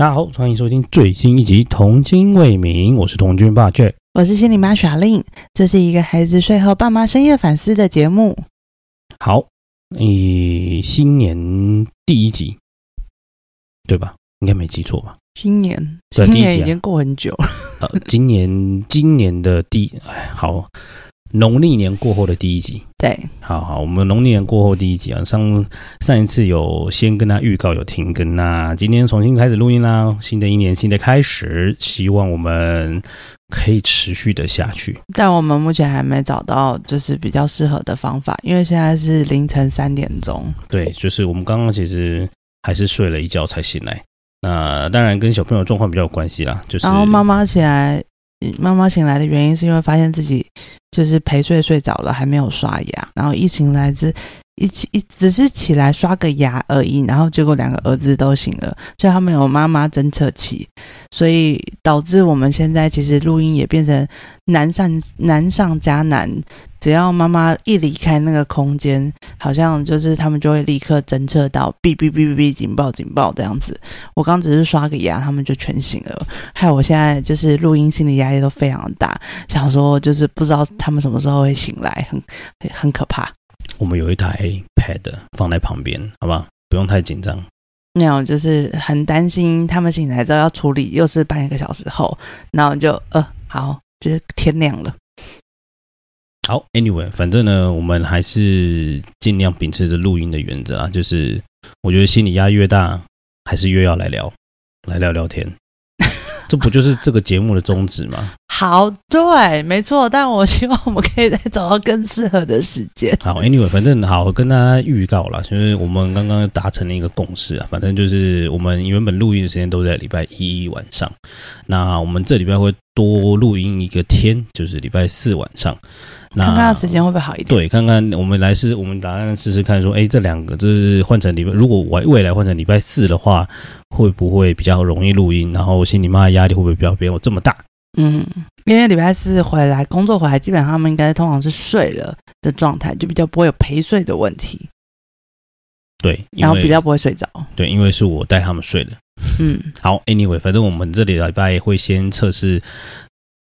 大家好，歡迎收聽最新一集《童心未泯》，我是童軍爸雀，我是心理媽耍令，這是一個孩子睡後爸媽深夜反思的節目。好，你新年。第一集，對吧？應該沒記錯吧？今年，今年已經過很久了。今年，今年的第，哎，好。農曆年過後的第一集，對，好好，我們農曆年過後第一集啊，上上一次有先跟他預告有停更，那今天重新開始錄音啦，新的一年新的開始，希望我們可以持續的下去。但我們目前還沒找到就是比較適合的方法，因為現在是凌晨三點鐘，對，就是我們剛剛其實還是睡了一覺才醒來，那當然跟小朋友狀況比較有關係啦，就是。然後媽媽起來，媽媽醒來的原因是因為發現自己。就是陪睡睡着了，還沒有刷牙，然後一醒來就。一起一只是起來刷個牙而已，然後結果兩個兒子都醒了，所以他們有媽媽偵測器，所以導致我們現在其實錄音也變成難上難上加難。只要媽媽一離開那個空間，好像就是他們就會立刻偵測到“嗶嗶嗶嗶嗶”警報警報這樣子。我剛只是刷個牙，他們就全醒了，害我現在就是錄音心理壓力都非常的大，想說就是不知道他們什麼時候會醒來，很很可怕。我們有一台 pad 放在旁邊，好不好？不用太緊張。沒有，就是很擔心他們醒來之後要處理，又是半個小時後，然後就呃，好，就是天亮了。好，Anyway，反正呢，我們還是盡量秉持着錄音的原則啊，就是我覺得心理壓力越大，還是越要來聊，來聊聊天。 這不就是這個節目的宗旨嗎？ 好，對，沒錯，但我希望我們可以再找到更適合的時間。好，Anyway，反正好，我跟大家預告了，因、就、為、是、我們剛剛達成了一個共識啊，反正就是我們原本錄音的時間都在禮拜一晚上，那我們這禮拜會多錄音一個天，嗯、就是禮拜四晚上。那看看他的時間會不會好一點？對，看看我們來試，我們打算試試看說，說哎，這兩個，就是換成禮拜，如果我未來換成禮拜四的話，會不會比較容易錄音？然後心理媽的壓力會不會比較變有這麼大？嗯，因為禮拜四回來工作回來，基本上他們應該通常是睡了的狀態，就比較不會有陪睡的問題。對，因為，然後比較不會睡着。對，因為是我帶他們睡的。嗯，好，Anyway，反正我們這裡禮拜會先測試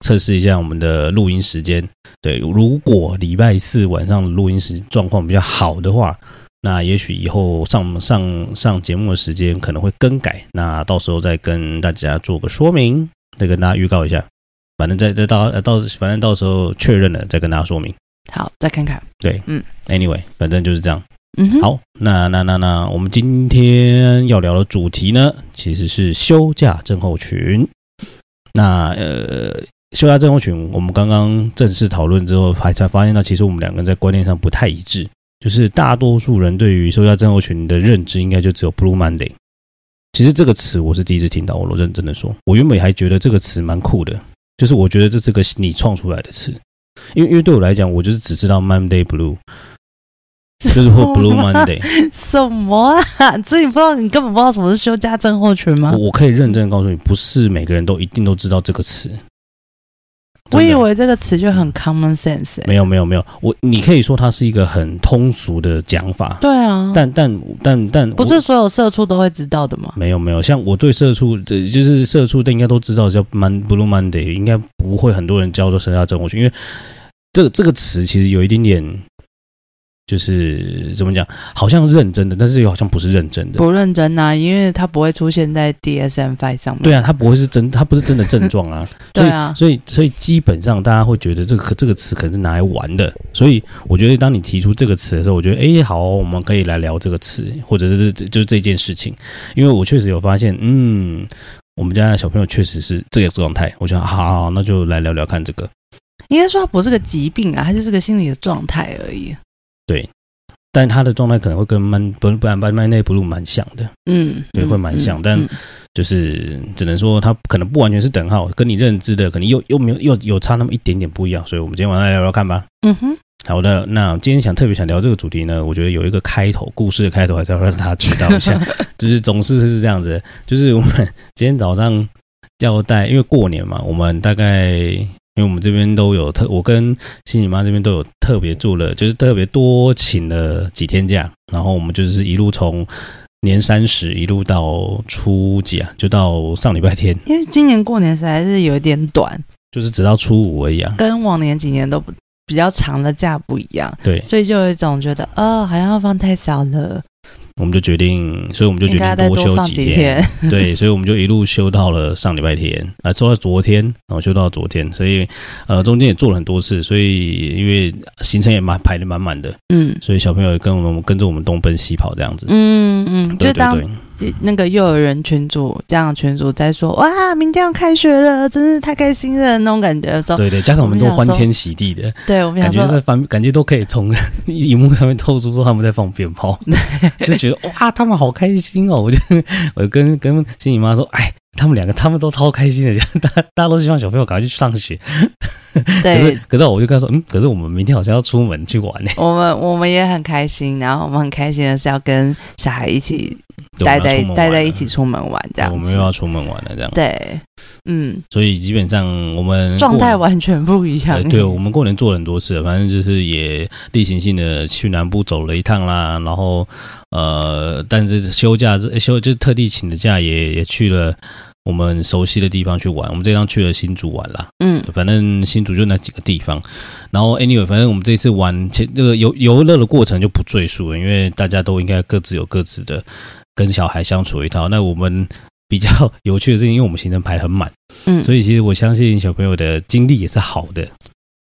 測試一下我們的錄音時間。對，如果禮拜四晚上錄音時狀況比較好的話，那也許以後上上上節目的時間可能會更改。那到時候再跟大家做個說明，再跟大家預告一下。反正再再到到，反正到時候確認了再跟大家說明。好，再看看。對，嗯，Anyway，反正就是這樣。嗯哼。好，那那那那，我們今天要聊的主題呢，其實是休假症候群。那呃，休假症候群，我們剛剛正式討論之後，還才發現到其實我們兩個人在觀念上不太一致。就是大多數人對於休假症候群的認知，應該就只有 Blue Monday。其實這個詞我是第一次聽到，我我認真的說，我原本還覺得這個詞蠻酷的。就是我覺得這是個你創出來的詞，因為因為對我來講，我就是只知道 Monday Blue，就是或 Blue Monday，什麼？什麼啊？這你不知道，你根本不知道什麼是休假症候群嗎？我可以認真告訴你，不是每個人都一定都知道這個詞。我以為這個詞就很 common sense、欸。沒有沒有沒有，我你可以說它是一個很通俗的講法。對啊，但但但但不是所有社畜都會知道的嗎？沒有沒有，像我對社畜，這就是社畜，應該都知道叫 blue Monday，應該不會很多人叫做休假症候群，因為這這個詞其實有一點點。就是怎麼講，好像認真的，但是又好像不是認真的。不認真啊，因為它不會出現在 DSM 5上面。對啊，它不會是真，它不是真的症狀啊。 對啊，所以所以，所以基本上大家會覺得這個這個詞可能是拿來玩的。所以我覺得，當你提出這個詞的時候，我覺得哎、好、哦，我們可以來聊這個詞，或者是是就是這件事情。因為我確實有發現，嗯，我們家的小朋友確實是這個狀態。我覺得好，好，好，那就來聊聊看這個。應該說它不是個疾病啊，它就是個心理的狀態而已。對，但他的狀態可能會跟蠻，不不然蠻內不露蠻像的，嗯，對，會蠻像，嗯嗯、但就是只能說他可能不完全是等號，跟你認知的可能又又沒有又有差那麼一點點不一樣，所以我們今天晚上來聊聊看吧。嗯哼，好的，那今天想特別想聊這個主題呢，我覺得有一個開頭故事的開頭還是要讓他知道一下， 就是總是是這樣子，就是我們今天早上要帶，因為過年嘛，我們大概。因為我們這邊都有特，我跟心理媽這邊都有特別住了，就是特別多請了幾天假，然後我們就是一路從年三十一路到初幾啊，就到上禮拜天。因為今年過年實在是有一點短，就是直到初五而已啊，跟往年幾年都不比較長的假不一樣。對，所以就有一種覺得，哦，好像要放太少了。我們就決定，所以我們就決定多休幾天，幾天 對，所以我們就一路休到了上禮拜天，啊、呃，休到昨天，然後休到昨天，所以，呃，中間也做了很多事，所以因為行程也滿排得滿滿的，嗯，所以小朋友也跟我們跟着我們東奔西跑這樣子，嗯嗯，嗯對對對。那個幼兒園群組，這樣群組在說：“哇，明天要開學了，真是太開心了！”那種感覺的時候，對對，加上我們都歡天喜地的，對，我們感覺在翻感覺都可以從熒幕上面透出說他們在放鞭炮，對就覺得哇、哦啊，他們好開心哦！我就我就跟跟心理媽說：“哎，他們兩個他們都超開心的，大大家都希望小朋友趕快去上學。對”可是可是我就跟他說：“嗯，可是我們明天好像要出門去玩呢。”我們我們也很開心，然後我們很開心的是要跟小孩一起。待在待在一起出門玩這樣，我們又要出門玩了這樣。對，嗯，所以基本上我們狀態完全不一樣。對。對，我們過年做了很多次，反正就是也例行性的去南部走了一趟啦。然後呃，但是休假，欸、休就是特地請的假也，也也去了我們熟悉的地方去玩。我們這一趟去了新竹玩啦，嗯，反正新竹就那幾個地方。然後 Anyway，反正我們這次玩這個游遊樂的過程就不贅述了，因為大家都應該各自有各自的。跟小孩相處一套，那我們比較有趣的事情，因為我們行程排很滿，嗯，所以其實我相信小朋友的經歷也是好的，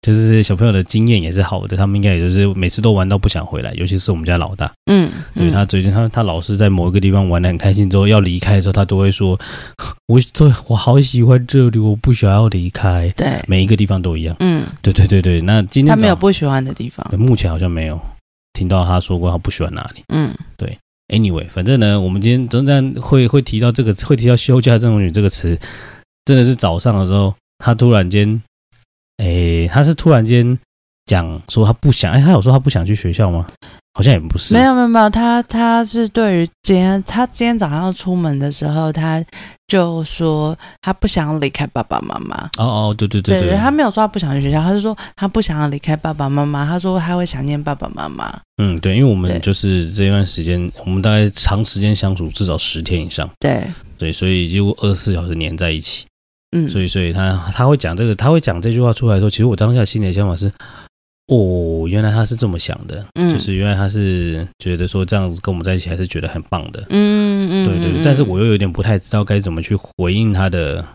就是小朋友的經驗也是好的，他們應該也就是每次都玩到不想回來，尤其是我們家老大，嗯，嗯對，他最近他他老是在某一個地方玩得很開心之後要離開的時候，他都會說：“我這我好喜歡這裡，我不想要離開。”對，每一個地方都一樣，嗯，對對對對，那今天他沒有不喜歡的地方對。目前好像沒有聽到他說過他不喜歡哪裡，嗯，對。哎，anyway，反正呢，我們今天真正會會提到這個，會提到休假症候群這個詞，真的是早上的時候，他突然間，哎、欸，他是突然間講說他不想，哎、欸，他有說他不想去學校嗎？好像也不是，沒有沒有沒有，他他是對於今天，他今天早上出門的時候，他就說他不想要離開爸爸媽媽。哦哦，對對對對，他沒有說他不想去學校，他是說他不想要離開爸爸媽媽。他說他會想念爸爸媽媽。嗯，對，因為我們就是這一段時間，對我們大概長時間相處至少十天以上。對對，所以就二十四小時黏在一起。嗯，所以所以他他會講這個，他會講這句話出來的時候，其實我當下心裡的想法是。哦，原來他是這麼想的，嗯、就是原來他是覺得說這樣子跟我們在一起還是覺得很棒的，嗯嗯，嗯對對。但是我又有點不太知道該怎麼去回應他的，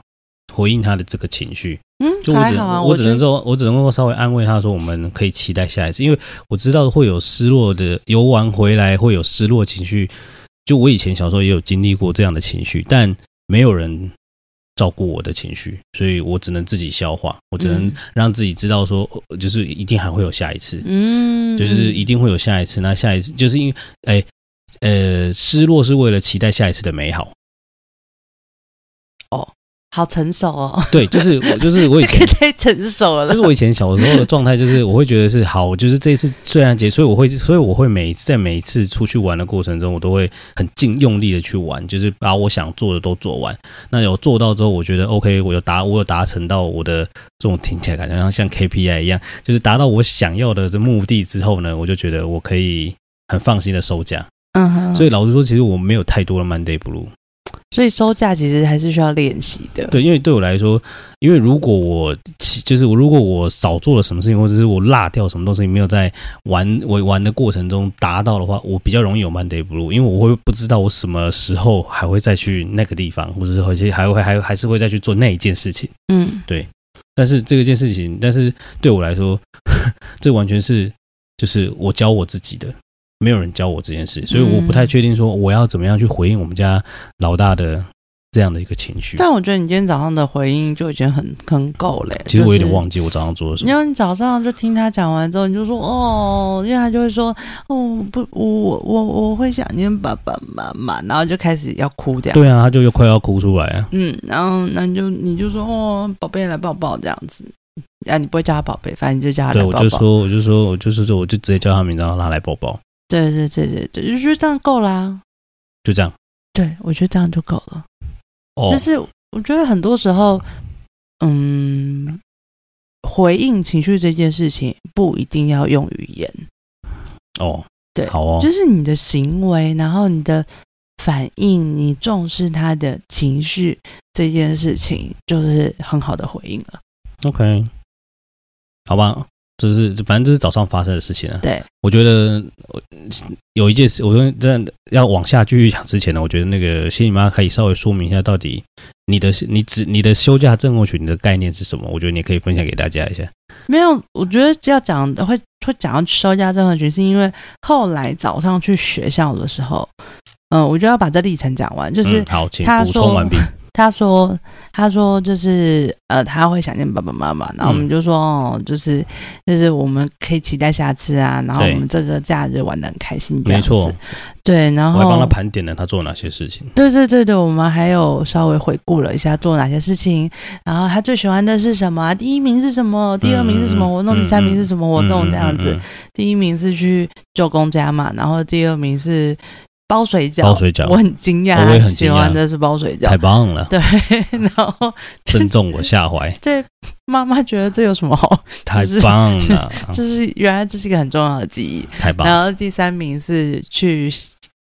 回應他的這個情緒。嗯，還好啊，我只能說我，就我只能夠稍微安慰他說，我們可以期待下一次，因為我知道會有失落的，遊玩回來會有失落情緒。就我以前小時候也有經歷過這樣的情緒，但沒有人。照顧我的情緒，所以我只能自己消化，我只能讓自己知道說，就是一定還會有下一次，嗯，就是一定會有下一次，那下一次，就是因為，哎，呃，失落是為了期待下一次的美好。好成熟哦！對，就是我，就是我以前太成熟了。就是我以前小時候的狀態，就是我會覺得是好，就是這一次雖然結束，所以我會，所以我會每一次在每一次出去玩的過程中，我都會很盡用力的去玩，就是把我想做的都做完。那有做到之後，我覺得 OK，我有達，我有達成到我的這種聽起來感覺，像像 KPI 一樣，就是達到我想要的這目的之後呢，我就覺得我可以很放心的收假。嗯哼，所以老實說，其實我沒有太多的 Monday Blue。所以收假其實還是需要練習的。對，因為對我來說，因為如果我就是我，如果我少做了什麼事情，或者是我落掉什麼東西，沒有在玩我玩的過程中達到的話，我比較容易有 Monday Blue，因為我會不知道我什麼時候還會再去那個地方，或者是而且還會還還是會再去做那一件事情。嗯，對。但是這個件事情，但是對我來說，這完全是就是我教我自己的。沒有人教我這件事，所以我不太確定說我要怎麼樣去回應我們家老大的這樣的一個情緒。嗯、但我覺得你今天早上的回應就已經很很夠嘞。其實我有點忘記我早上做了什麼。因為、就是、你，你早上就聽他講完之後，你就說哦，因為他就會說哦，不，我我我，我會想念爸爸媽媽，然後就開始要哭掉。對啊，他就又快要哭出來啊。嗯，然後那你就你就說哦，寶貝來抱抱這樣子。啊，你不會叫他寶貝，反正你就叫他寶貝。對，我就說，我就說，我就是說，我就直接叫他名字，讓他來抱抱。對對對對對，就覺得這樣夠啦，啊，就這樣。對，我覺得這樣就夠了。Oh. 就是我覺得很多時候，嗯，回應情緒這件事情不一定要用語言。哦，oh. 對，好哦。就是你的行為，然後你的反應，你重視他的情緒這件事情，就是很好的回應了。OK，好吧。就是反正就是早上發生的事情啊。對，我覺得我有一件事，我覺得真的要往下繼續講之前呢，我覺得那個心理媽可以稍微說明一下，到底你的你只你的休假症候群你的概念是什麼？我覺得你可以分享給大家一下。沒有，我覺得只要講會會講到休假症候群，是因為後來早上去學校的時候，嗯、呃，我就要把這歷程講完，就是、嗯、好，請補充完畢。說 他說：“他說就是呃，他會想念爸爸媽媽。然後我們就說，嗯哦、就是就是我們可以期待下次啊。然後我們這個假日玩得很開心，沒錯。對，然後我還幫他盤點了他做哪些事情。對對對對，我們還有稍微回顧了一下做哪些事情。然後他最喜歡的是什麼？第一名是什麼？第二名是什麼活動？嗯、第三名是什麼活動？嗯、這樣子，嗯嗯嗯嗯、第一名是去舅公家嘛。然後第二名是。”包水餃，包水餃我很驚訝，我也很喜歡的是包水餃，太棒了。對，然後、就是、正中我下懷。這媽媽覺得這有什麼好？太棒了、就是，就是原來這是一個很重要的記憶。太棒了。然後第三名是去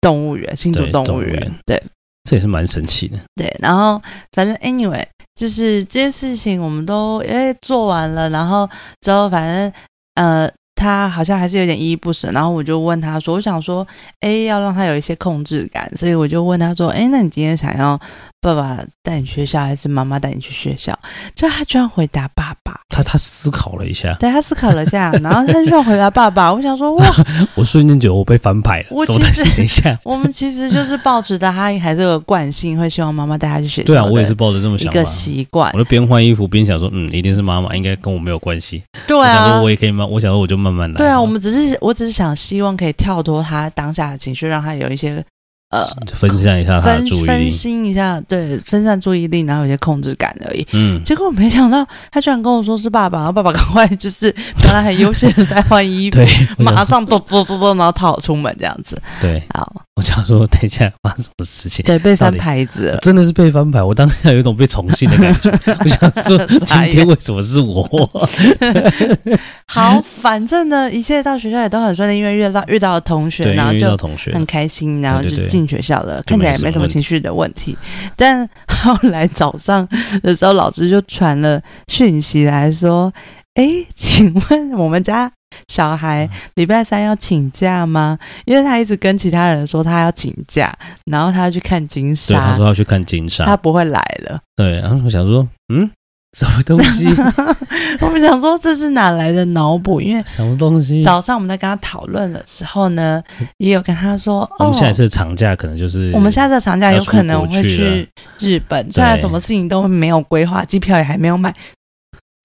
動物園，新竹動物園。對，這也是蠻神奇的。對，然後反正 anyway，就是這些事情我們都誒、欸、做完了，然後之後反正呃。他好像還是有點依依不捨，然後我就問他說：“我想說，哎，要讓他有一些控制感，所以我就問他說，哎，那你今天想要爸爸帶你去學校，還是媽媽帶你去學校？”就他居然回答爸爸，他他思考了一下，對，他思考了一下， 然後他居然回答爸爸。我想說，哇， 我瞬間覺得我被翻牌了。我其實一下， 我們其實就是抱持着他還是慣性會希望媽媽帶他去學校。對啊，我也是抱着這麼一個習慣。我就邊換衣服邊想說，嗯，一定是媽媽，應該跟我沒有關係。對啊，然後我，我也可以嗎？我想說，我就。慢慢來啊對啊，我們只是，我只是想，希望可以跳脫他當下的情緒，讓他有一些呃，分散一下，分分心一下，對，分散注意力，然後有一些控制感而已。嗯，結果我沒想到，他居然跟我說是爸爸，然後爸爸趕快，就是本來很悠閒的在換 衣服， 對，馬上都都都都然後套出門這樣子，對，好。我想說，等一下發生什麼事情？對，被翻牌子了，真的是被翻牌。我當時有一種被寵幸的感覺。 我想說，今天為什麼是我？ 傻眼 好，反正呢，一切到學校也都很順利，因為遇到遇到同學，然後就很開心，然後就進學校了，對對對，看起來也沒什麼情緒的問題。問題。但後來早上的時候，老師就傳了訊息來說：“哎、欸，請問我們家……”小孩禮拜三要請假嗎？因為他一直跟其他人說他要請假，然後他要去看金沙。對，他說要去看金沙，他不會來了。對，然後、啊、我想說，嗯，什麼東西？ 我們想說這是哪來的腦補？因為什麼東西？早上我們在跟他討論的時候呢，也有跟他說，我們下一次長假可能就是、哦、我們下一次長假有可能我會去日本，但對什麼事情都沒有規劃，機票也還沒有買，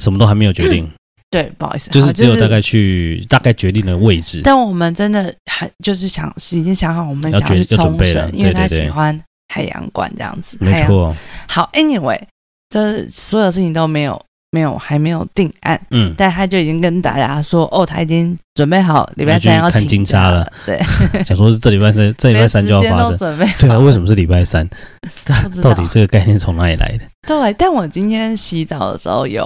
什麼都還沒有決定。 對，不好意思，就是、就是只有大概去大概決定了位置，但我們真的很就是想已經想好我們想要去沖繩，要決要準備了。因為他喜歡海洋館這樣子，沒錯錯。好，Anyway，就是所有事情都沒有沒有還沒有定案，嗯，但他就已經跟大家說，哦，他已經準備好禮拜三要看鯨鯊了，了對，想說是這禮拜三這禮拜三就要發生， 對啊，為什麼是禮拜三？ 道到底這個概念從哪裡來的？對，但我今天洗澡的時候有。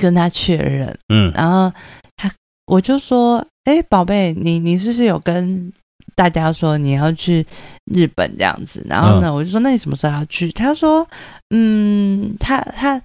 跟他確認，嗯，然後他我就說，誒、欸，寶貝，你你是不是有跟大家說你要去日本這樣子？然後呢，嗯、我就說，那你什麼時候要去？他說，嗯，他他，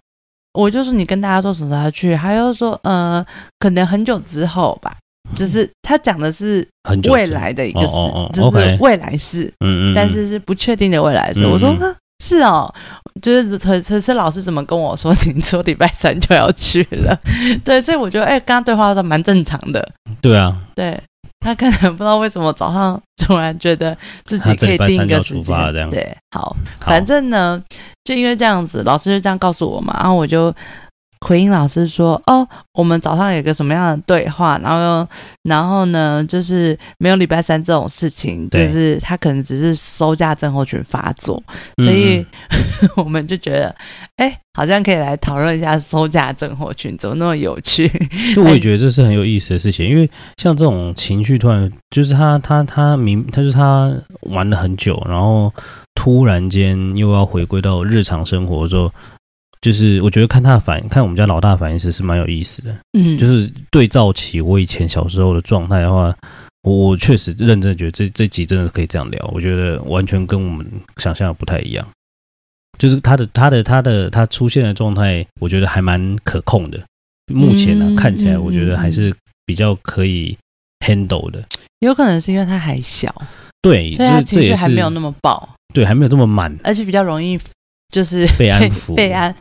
我就說：你跟大家說什麼時候要去？他又說，呃，可能很久之後吧。只、就是他講的是未來的一個事，之就是未來事，嗯嗯、哦哦哦，okay、但是是不確定的未來事。嗯嗯嗯，我說是哦。就是，可是老師怎麼跟我說，你說禮拜三就要去了，對，所以我覺得，哎、欸，剛剛對話都蠻正常的。對啊，對，他可能不知道為什麼早上突然覺得自己可以定一個時間，了這樣對，好，反正呢，好就因為這樣子，老師就這樣告訴我嘛，然、啊、後我就。奎因老師說：“哦，我們早上有個什麼樣的對話？然後，然後呢？就是沒有禮拜三這種事情，就是他可能只是收假症候群發作，對所以、嗯、 我們就覺得，哎、欸，好像可以來討論一下收假症候群，怎麼那麼有趣？就我也覺得這是很有意思的事情，哎、因為像這種情緒突然，就是他他他，他明，他就是他玩了很久，然後突然間又要回歸到日常生活的時候。”就是我覺得看他的反應，看我們家老大反應是是蠻有意思的，嗯，就是對照起我以前小時候的狀態的話，我確實認真覺得這這集真的是可以這樣聊，我覺得完全跟我們想象的不太一樣，就是他的他的他的他出現的狀態，我覺得還蠻可控的，目前呢、啊嗯、看起來我覺得還是比較可以 handle 的，有可能是因為他還小，對，但是其實還沒有那麼爆，對，還沒有這麼滿，而且比較容易。就是被安撫， 被安，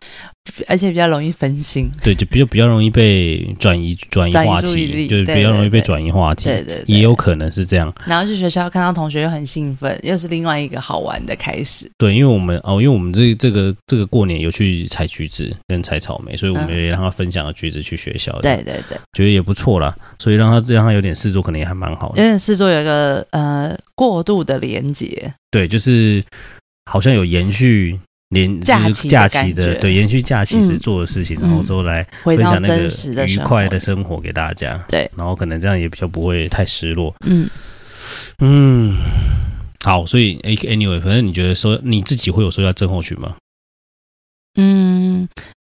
而且比較容易分心。對，就比較比較容易被轉移轉移話題，就比較容易被轉移話題。 對對，也有可能是這樣。然後去學校看到同學又很興奮，又是另外一個好玩的開始。對，因為我們哦，因為我們這個、這個這個過年有去採橘子跟採草莓，所以我們也讓他分享了橘子去學校、嗯。對對對，覺得也不錯啦。所以讓他讓他有點事做，可能也還蠻好的。有點事做，有一個呃過度的連接。對，就是好像有延續。連就是假期的，假期的對，延續假期時做的事情，嗯、然後之後來分享那個愉快的生活給大家。對、嗯，然後可能這樣也比較不會太失落。嗯對嗯，好，所以 anyway，反正你覺得說你自己會有休假症候群嗎？嗯，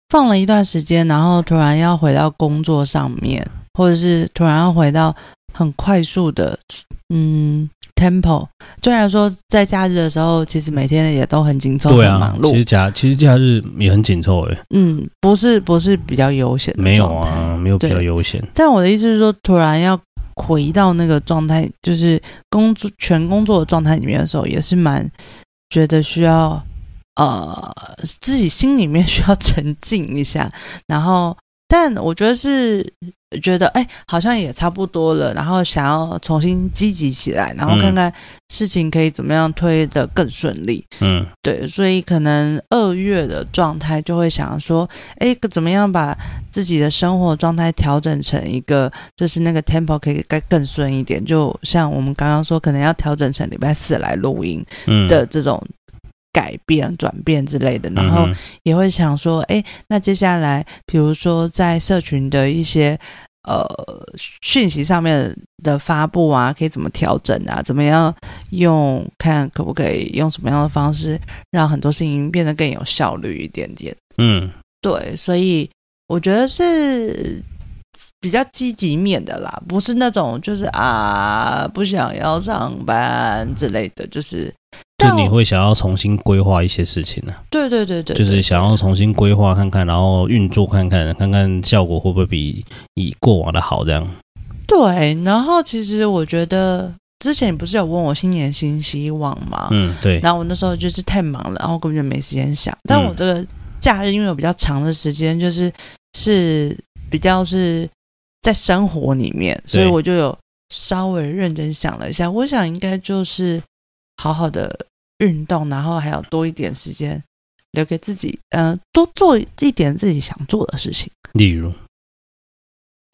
放了一段時間，然後突然要回到工作上面，或者是突然要回到很快速的，嗯。Temple，雖然說在假日的時候，其實每天也都很緊湊，對啊，很忙碌。其實假，其實假日也很緊湊哎。嗯，不是，不是比較悠閒，沒有啊，沒有比較悠閒。但我的意思是說，突然要回到那個狀態，就是工作全工作的狀態裡面的時候，也是蠻覺得需要呃自己心裡面需要沉靜一下。然後，但我覺得是。覺得哎、欸，好像也差不多了，然後想要重新積極起來，然後看看事情可以怎麼樣推得更順利。嗯，對，所以可能二月的狀態就會想要說，哎、欸，怎麼樣把自己的生活狀態調整成一個，就是那個 tempo 可以更順一點。就像我們剛剛說，可能要調整成禮拜四來錄音的這種。改變、轉變之類的，然後也會想說，哎、嗯哼欸，那接下來，比如說在社群的一些呃訊息上面的發布啊，可以怎麼調整啊？怎麼樣用看可不可以用什麼樣的方式，讓很多事情變得更有效率一點點？嗯，對，所以我覺得是比較積極面的啦，不是那種就是啊不想要上班之類的，就是。你會想要重新規劃一些事情呢？對對對對，就是想要重新規劃看看，然後運作看看，看看效果會不會比以過往的好這樣。對，然後其實我覺得之前你不是有問我新年新希望嗎？嗯，對。然後我那時候就是太忙了，然後我根本就沒時間想。但我這個假日，因為有比較長的時間，就是是比較是在生活裡面，所以我就有稍微認真想了一下。對我想應該就是好好的，運動，然後還要多一點時間留給自己，嗯、呃，多做一點自己想做的事情。例如，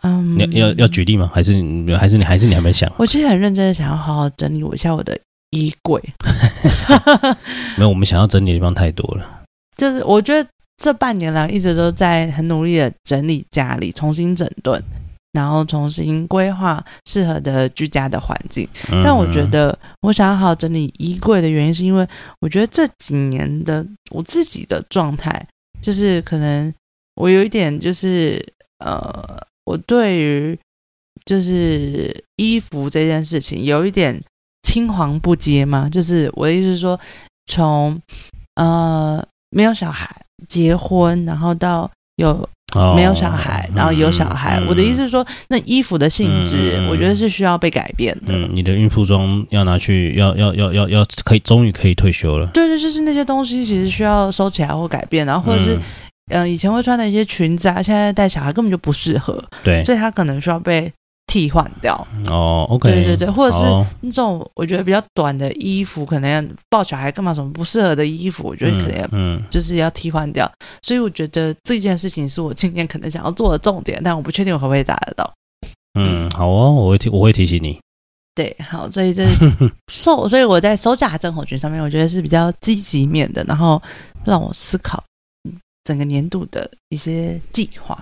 嗯，要要要舉例嗎？還是還是你還是你還沒想？我其實很認真的想要好好整理我一下我的衣櫃。 沒有，我們想要整理的地方太多了。就是我覺得這半年來一直都在很努力的整理家裡，重新整頓。然後重新規劃適合的居家的環境，但我覺得我想要好整理衣櫃的原因，是因為我覺得這幾年的我自己的狀態，就是可能我有一點就是呃，我對於就是衣服這件事情有一點青黃不接嘛，就是我的意思是說從，從呃沒有小孩結婚，然後到有。哦、沒有小孩，然後有小孩，嗯嗯、我的意思是說，那衣服的性質，嗯、我覺得是需要被改變的。嗯、你的孕婦裝要拿去，要要要要要可以終於可以退休了。對對，就是那些東西，其實需要收起來或改變，然後或者是嗯、呃，以前會穿的一些裙子啊，現在帶小孩根本就不適合。對，所以他可能需要被替換掉哦、oh,，OK，對對對，或者是那種我覺得比較短的衣服，哦、可能抱小孩幹嘛什麼不適合的衣服，嗯、我覺得可能嗯，就是要替換掉。嗯、所以我覺得這件事情是我今年可能想要做的重點，但我不確定我會不會達得到。嗯，嗯好哦，我會提，我會提醒你。對，好，所以這是受， so, 所以我在收假症候群上面，我覺得是比較積極面的，然後讓我思考整個年度的一些計劃。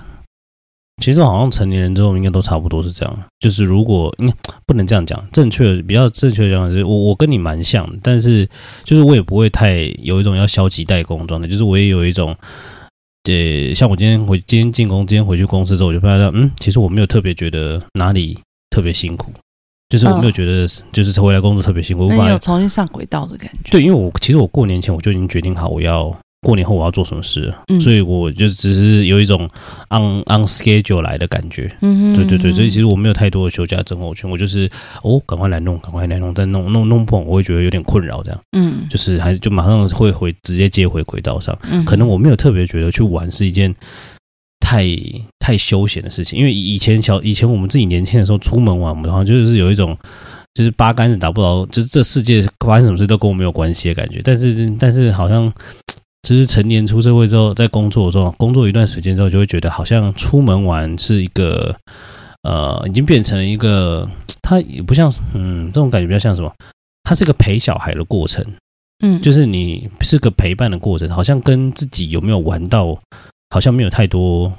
其實好像成年人之後應該都差不多是這樣，就是如果，嗯、不能這樣講，正確的比較正確的講是我我跟你蠻像，但是就是我也不會太有一種要消極怠工的狀態，就是我也有一種，對，像我今天回今天進公，今天回去公司之後，我就發現，嗯，其實我沒有特別覺得哪裡特別辛苦，就是我沒有覺得就是回來工作特別辛苦，哦、我不怕有重新上軌道的感覺。對，因為我其實我過年前我就已經決定好，我要。過年後我要做什麼事，嗯、所以我就只是有一種 on、嗯、on schedule 來的感覺，嗯、哼 對對對，所以其實我沒有太多的休假症候群。我就是哦，趕快來弄，趕快來弄，再弄弄弄不我會覺得有點困擾，這樣，嗯，就是還就馬上會回直接接回軌道上，嗯，可能我沒有特別覺得去玩是一件太太休閒的事情，因為以前小以前我們自己年輕的時候出門玩，我們好像就是有一種就是八竿子打不着，就是這世界發生什麼事都跟我沒有關係的感覺，但是但是好像。其實成年出社會之後，在工作中工作一段時間之後，就會覺得好像出門玩是一個，呃，已經變成了一個，它也不像，嗯，這種感覺比較像什麼？它是個陪小孩的過程，嗯，就是你是個陪伴的過程，好像跟自己有沒有玩到，好像沒有太多，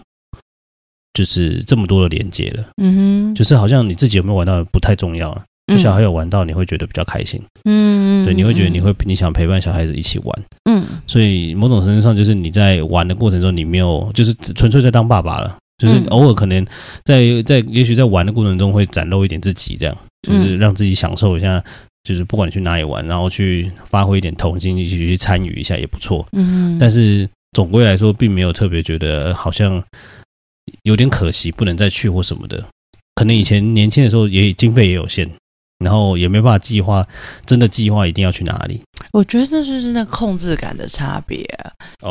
就是這麼多的連接了，嗯哼，就是好像你自己有沒有玩到不太重要了。就小孩有玩到，你會覺得比較開心，嗯，對，你會覺得你會你想陪伴小孩子一起玩，嗯，所以某種程度上就是你在玩的過程中，你沒有就是純粹在當爸爸了，就是偶爾可能在在也許在玩的過程中會展露一點自己，這樣就是讓自己享受一下，就是不管你去哪裡玩，然後去發揮一點童心，一起去參與一下也不錯，嗯，但是總歸來說，並沒有特別覺得好像有點可惜，不能再去或什麼的，可能以前年輕的時候也經費也有限。然後也沒辦法計劃，真的計劃一定要去哪裡，我覺得這就是那控制感的差別，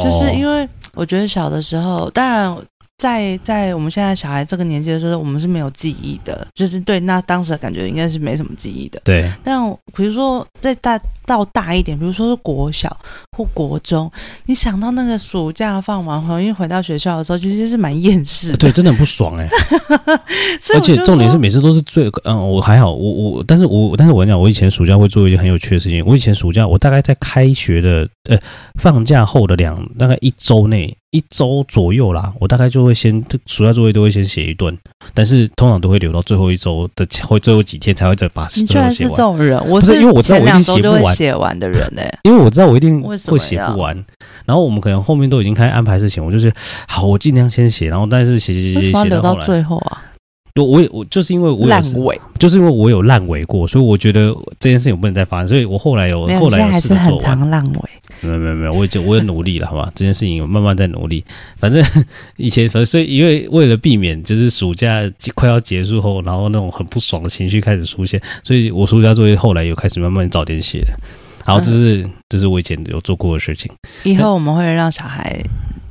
就是因為我覺得小的時候，哦、當然。在在我們現在小孩這個年紀的時候，我們是沒有記憶的，就是對那當時的感覺應該是沒什麼記憶的。對，但比如說再大到大一點，比如說是國小或國中，你想到那個暑假放完後，因為回到學校的時候，其實是蠻厭世的，對，真的很不爽哎、欸。 而且重點是每次都是最，嗯，我還好，我我，但是我但是我跟你講，我以前暑假會做一件很有趣的事情。我以前暑假，我大概在開學的。呃，放假後的兩大概一周內，一周左右啦，我大概就會先，暑假作業都會先寫一段，但是通常都會留到最後一周的後最後幾天才會再把所有寫完。你居然是這種人，我是因為我知道我一定寫不完,會完的人呢、欸，因為我知道我一定會寫不完。然後我們可能後面都已經開始安排的事情，我就是好，我尽量先寫，然後但是寫寫寫寫寫到最後啊，我也我就是因為爛尾，就是因為我有爛尾,我有爛尾過，所以我覺得這件事情我不能再發生，所以我後來有,有後來有還是很常爛尾。沒有沒有沒有，我已經我也努力了，好吧？這件事情有慢慢在努力。反正以前，反正所以，因為為了避免，就是暑假快要結束後，然後那種很不爽的情緒開始出現，所以我暑假作業後來又開始慢慢早點寫。好，這是、嗯、這是我以前有做過的事情。以後我們會讓小孩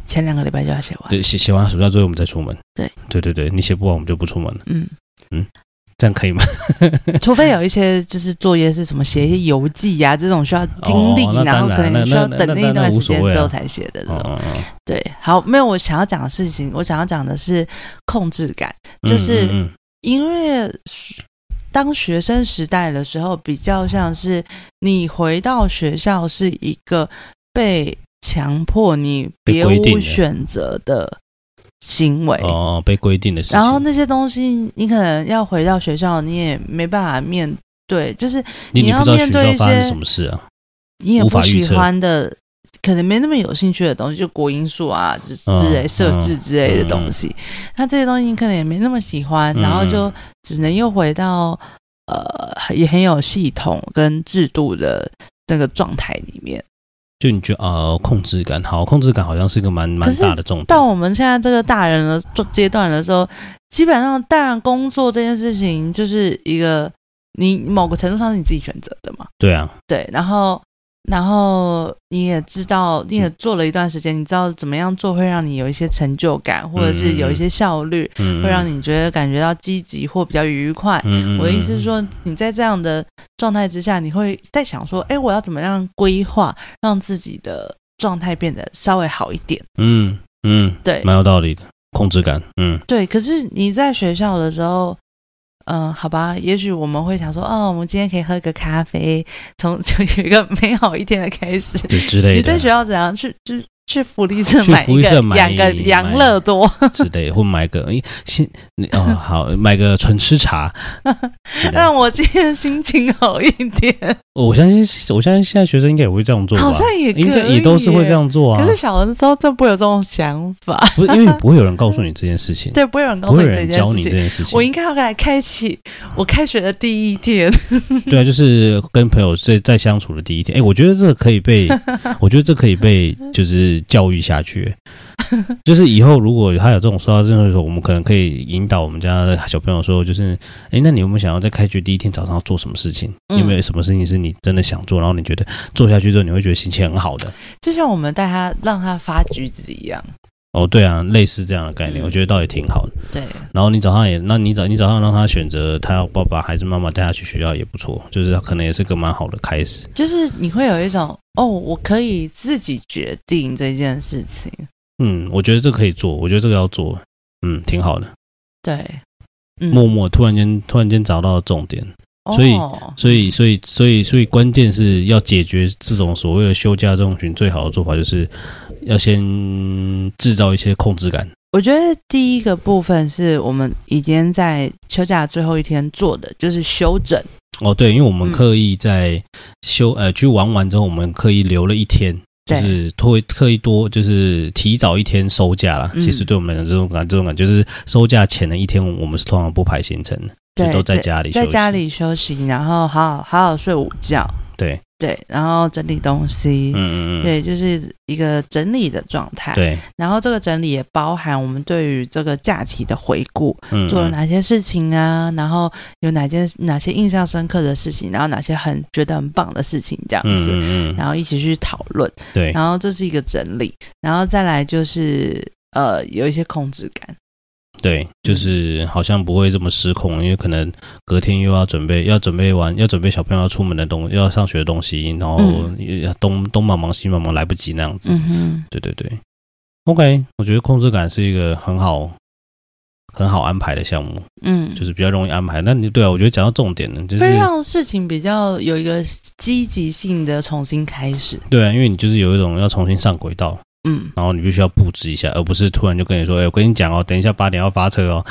前兩個禮拜就要寫完，寫、嗯、寫完暑假作業我們再出門。對對對對，你寫不完我們就不出門了。嗯嗯。嗯這樣可以嗎？ 除非有一些就是作業是什麼寫一些遊記呀，這種需要經歷，哦、然、然後可能需要等那一段時間之後才寫的這種。哦、對，好，沒有我想要講的事情，我想要講的是控制感，就是因為當學生時代的時候，比較像是你回到學校是一個被強迫，你別無選擇的，行為哦，被規定的。然後那些東西，你可能要回到學校，你也沒辦法面對，就是你要面對一些什麼事啊？你也不喜歡的，可能沒那麼有興趣的東西，就國英數啊之之類、嗯、設置之類的東西，那、嗯嗯嗯、這些東西你可能也沒那麼喜歡，然後就只能又回到、嗯、呃也很有系統跟制度的那個狀態裡面。就你覺得、呃、控制感好，控制感好像是一個蠻蠻大的重點。到我們現在這個大人的階段的時候，基本上，當然工作這件事情就是一個你某個程度上是你自己選擇的嘛。對啊，對，然後。然後你也知道，你也做了一段時間，你知道怎麼樣做會讓你有一些成就感，嗯、或者是有一些效率，嗯、會讓你覺得感覺到積極或比較愉快。嗯、我的意思是說，嗯、你在這樣的狀態之下，你會在想說，哎，我要怎麼樣規劃，讓自己的狀態變得稍微好一點？嗯嗯，嗯對，蠻有道理的，控制感，嗯，對，可是你在學校的時候。嗯，好吧，也許我們會想說，哦，我們今天可以喝個咖啡，從就有一個美好一天的開始。對，之類的。你在學校怎樣去？就。去福利社買個養樂多買之類的，或買個哎，新哦好，買個純吃茶， 讓我今天心情好一點。 我相信，我相信現在學生應該也會這樣做吧，好像也可以應該也都是會這樣做啊。可是小的時候都不會有這種想法， 不是因為不會有人告訴你這件事情，對，不會有人告訴你這件事情。事情我應該要來開啟我開學的第一天， 對啊，就是跟朋友再再相處的第一天。哎，我覺得這可以被，我覺得這可以被，就是。教育下去，就是以後如果他有這種說法的時候，我們可能可以引導我們家的小朋友說，就是哎，那你有沒有想要在開學第一天早上要做什麼事情？你有沒有什麼事情是你真的想做，嗯，然後你覺得做下去之後你會覺得心情很好的？就像我們帶他讓他發橘子一樣。哦，對啊，類似這樣的概念，嗯、我覺得倒也挺好的。對，然後你早上也，那你早你早上讓他選擇，他爸爸還是媽媽帶他去學校也不錯，就是可能也是個蠻好的開始。就是你會有一種哦，我可以自己決定這件事情。嗯，我覺得這個可以做，我覺得這個要做，嗯，挺好的。對，嗯、默默突然間突然間找到了重點。所以，所以，所以，所以，所以，關鍵是要解決這種所謂的休假症候群，最好的做法就是要先制造一些控制感。我覺得第一個部分是我們已經在休假最後一天做的，就是休整。哦，對，因為我們刻意在休呃去玩完之後，我們刻意留了一天，就是特特意多，就是提早一天收假啦，其實對我們來講這種感這種感覺，是收假前的一天，我們是通常不排行程的。對，都在家裡，在家裡休息，然後好好好好睡午覺，對對，然後整理東西，嗯嗯嗯，對，就是一個整理的狀態，對。然後這個整理也包含我們對於這個假期的回顧，嗯嗯做了哪些事情啊，然後有哪件哪些印象深刻的事情，然後哪些很覺得很棒的事情，這樣子，嗯嗯嗯，然後一起去討論，對。然後這是一個整理，然後再來就是呃，有一些控制感。對，就是好像不會這麼失控，因為可能隔天又要準備，要準備完，要準備小朋友要出門的東，要上學的東西，然後東、嗯、東，東忙忙，西忙忙，來不及那樣子。嗯哼，對對對，OK，我覺得控制感是一個很好、很好安排的項目。嗯，就是比較容易安排。那你對啊，我覺得講到重點呢，就是讓事情比較有一個積極性的重新開始。對啊，因為你就是有一種要重新上軌道。嗯，然後你必須要佈置一下，而不是突然就跟你說：“哎、欸，我跟你講哦、喔，等一下八點要發車哦、喔。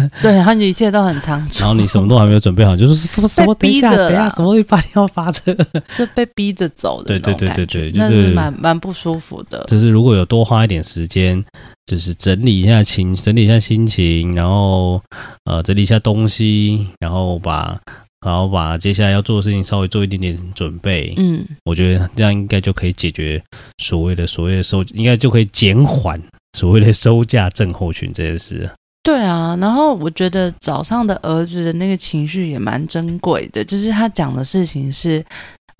對”對他，一切都很倉促。然後你什麼都還沒有準備好，就是什麼逼什麼等一下，等一下，什麼八點要發車， 就被逼着走的。對對對對對，就是蠻蠻不舒服的。就是如果有多花一點時間，就是整理一下情，整理一下心情，然後呃，整理一下東西，然後把。然後把接下來要做的事情稍微做一點點準備，嗯，我覺得這樣應該就可以解決所謂的所謂的休，應該就可以減緩所謂的休假症候群這件事。對啊，然後我覺得早上的兒子的那個情緒也蠻珍貴的，就是他講的事情是，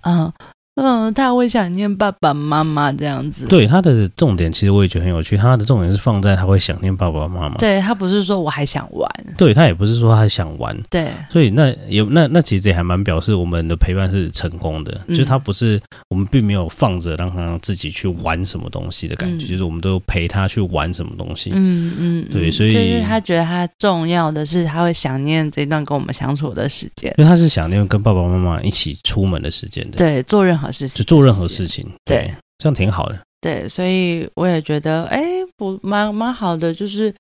嗯。嗯，他會想念爸爸媽媽這樣子。對，他的重點，其實我也覺得很有趣。他的重點是放在他會想念爸爸媽媽。對，他不是說我還想玩，對，他也不是說他想玩。對，所以那也那那其實也還蠻表示我們的陪伴是成功的，嗯、就是他不是我們並沒有放着讓他自己去玩什麼東西的感覺，嗯、就是我們都陪他去玩什麼東西。嗯嗯，嗯嗯對，所以就是他覺得他重要的是他會想念這段跟我們相處的時間，因為他是想念跟爸爸媽媽一起出門的時間的。對，對，做任何。就做任何事情，對，對，這樣挺好的。對，所以我也覺得，哎、欸，不，蠻蠻好的。就是，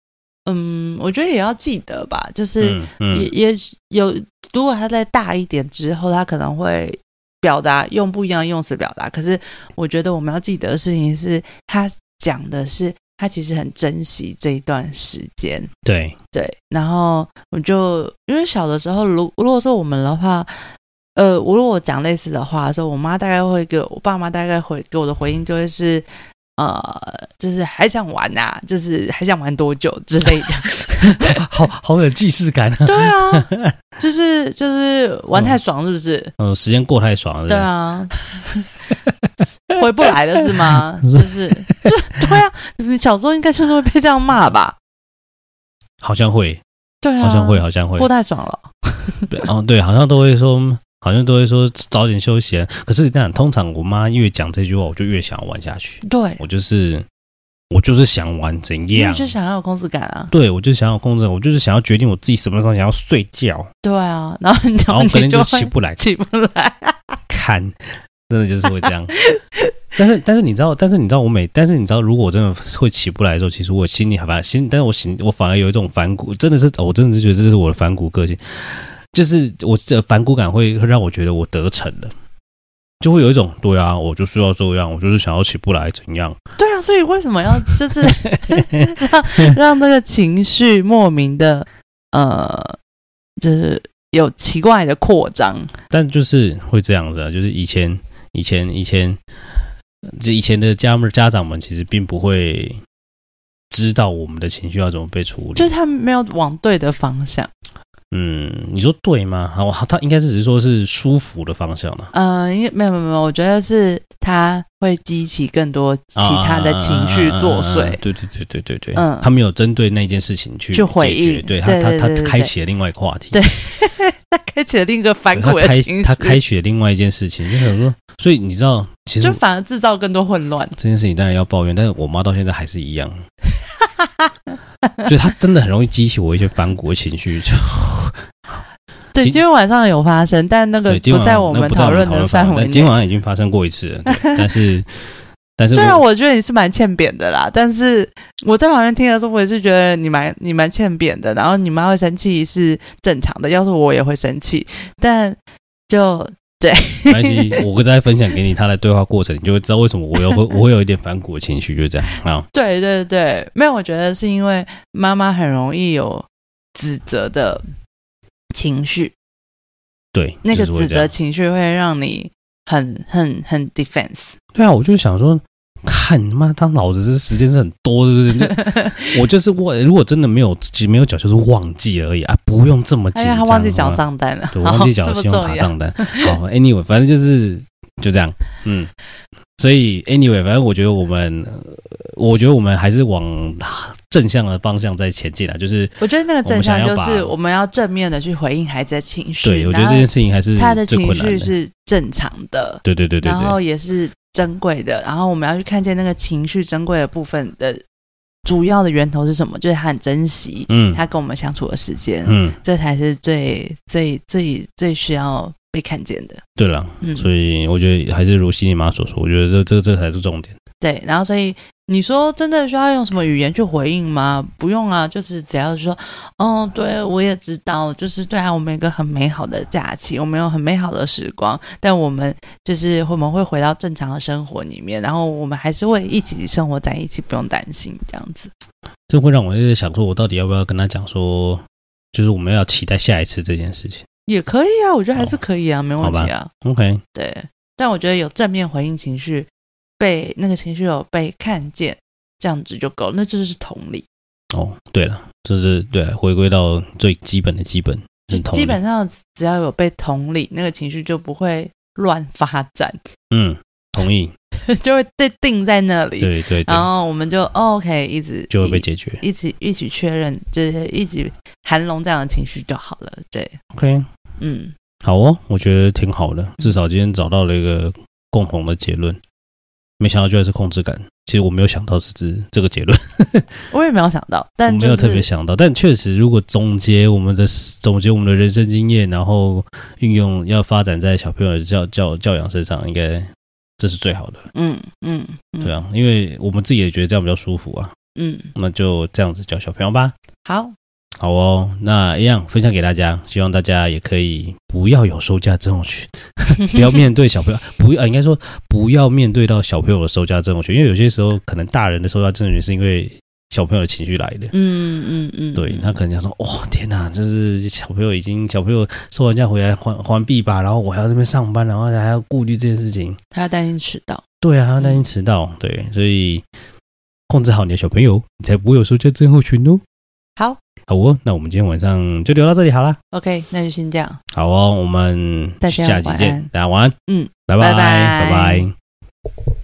嗯，我覺得也要記得吧。就是也，嗯嗯、也也有，如果他再大一點之後，他可能會表達，用不一樣的用詞表達。可是，我覺得我們要記得的事情是他講的是他其實很珍惜這一段時間。對對，然後我就因為小的時候，如果如果說我們的話。呃，我如果我講類似的話，說我媽大概會給我，爸媽大概會給我的回應就會是，呃，就是還想玩吶、啊，就是還想玩多久之類的。 好好有既視感啊！對啊，就是就是玩太爽，是不是？嗯，嗯，時間過太爽了是不是？對啊， 回不來了是嗎？就是就對啊，你小時候應該就是會被這樣罵吧？好像會，對、啊，好像，好像會，好像會過太爽了。對，嗯，對，好像都會說。好像都會說早點休息了，可是你看通常我媽越講這句話，我就越想要玩下去。對，我就是我就是想玩，怎樣？你是想要有控制感啊！對，我就想要控制，我就是想要決定我自己什麼時候想要睡覺。對啊，然後你講，我肯定就起不來，起不來。看，真的就是會這樣。 但是，但是你知道，但是你知道，我每，但是你知道，如果我真的會起不來的時候，其實我心裡反怕心，但是我心我反而有一種反骨，真的是，我真的是覺得這是我的反骨個性。.就是我這反骨感會讓我覺得我得逞了，就會有一種對啊，我就需要這樣，我就是想要起不來，怎樣？對啊，所以為什麼要就是 讓，讓那個情緒莫名的呃，就是有奇怪的擴張？但就是會這樣子啊，就是以前以前以前，就以，以前的家們家長們其實並不會知道我們的情緒要怎麼被處理，就是他們沒有往對的方向。嗯，你說對嗎？好，他應該是只是說是舒服的方向嘛？嗯、呃，因為沒有沒有沒有，我覺得是他會激起更多其他的情緒作祟。對對對對對對，對對對對嗯，他沒有針對那件事情去,去回應，對他對對對他他,他開啟了另外一個話題，對呵呵，他開啟了另一個反骨的情緒，他開,他開啟了另外一件事情。就可能說，所以你知道，其實就反而制造更多混亂。這件事情當然要抱怨，但是我媽到現在還是一樣，哈哈 所以她真的很容易激起我一些反骨的情緒。就對，今天今 今 晚上有發生，但那個不在我們討論、那個、的範圍。討論討論今晚已經發生過一次了， 但是，但是，雖然我覺得你是蠻欠扁的啦，但是我在旁邊聽的時候，我也是覺得你蠻你蠻欠扁的。然後你媽會生氣是正常的，要是我也會生氣，但就對。沒關係，我再分享給你她的對話過程， 你就會知道為什麼我有會我會有一點反骨的情緒，就這樣啊。好對，對對對，沒有，我覺得是因為媽媽很容易有指責的。情緒，對，那個指責情緒會讓你很很很 defense 對啊，我就想說，看你媽當老子是時間是很多是不是？ 我就是忘，如果真的沒有其實沒有繳，就是忘記而已啊，不用這麼緊張、哎。他忘記繳賬單了，好對，我忘記繳信好用卡賬單。Oh, anyway，反正就是。就這樣，嗯，所以 anyway，反正我覺得我們，我覺得我們還是往正向的方向在前進啊。就是我覺得那個正向，就是我們要正面的去回應孩子的情緒。對，我覺得這件事情還是他的情緒是正常的。對對對對，然後也是珍貴的。然後我們要去看見那個情緒珍貴的部分的主要的源頭是什麼？就是他很珍惜，嗯，他跟我們相處的時間，嗯，這才是最最最最需要。被看見的，對了啦，嗯、所以我覺得還是如心理媽所說，我覺得這這這才是重點。對，然後所以你說真的需要用什麼語言去回應嗎？不用啊，就是只要說，哦，對我也知道，就是對啊，我們有一個很美好的假期，我們有很美好的時光，但我們就是我們會回到正常的生活裡面，然後我們還是會一起生活在一起，不用擔心這樣子。這會讓我在想，說我到底要不要跟他講說，就是我們要期待下一次這件事情。也可以啊，我覺得還是可以啊，哦、沒問題啊。OK，對，但我覺得有正面回應情緒被，被那個情緒有被看見，這樣子就夠，那這就是同理。哦，對了，這、就是對了，回歸到最基本的基本，是同理。基本上只要有被同理，嗯、那個情緒就不會亂發展。嗯。同意， 就會被定在那裡。對，對對，然後我們就 OK，一直就會被解決，一起一起確認，就是一起涵容這樣的情緒就好了。對，OK，嗯，好哦，我覺得挺好的，至少今天找到了一個共同的結論。沒想到居然是控制感，其實我沒有想到是這這個結論 ，我也沒有想到，但、就是、我沒有特別想到，但確實，如果總結我們的總結我們的人生經驗，然後運用要發展在小朋友的教教教養身上，應該。這是最好的，嗯，嗯嗯，對啊，因為我們自己也覺得這樣比較舒服啊，嗯，那就這樣子教小朋友吧，好，好哦，那一樣分享給大家，希望大家也可以不要有收假症候群， 不要面對小朋友， 不要、呃，應該說不要面對到小朋友的收假症候群，因為有些時候可能大人的收假症候群是因為。小朋友的情緒來的嗯嗯嗯，嗯嗯對，他可能想說：“嗯、哦，天哪，這是小朋友已經小朋友收完假回來還還幣吧？然後我還要這邊上班，然後還要顧慮這件事情，他要擔心遲到，對啊，他要擔心遲到，嗯、對，所以控制好你的小朋友，你才不會有休假症候群哦。好，好哦，那我們今天晚上就聊到這裡好了。OK，那就先這樣。好哦，我們下期見，大家晚安，晚安嗯，拜拜拜拜。拜拜拜拜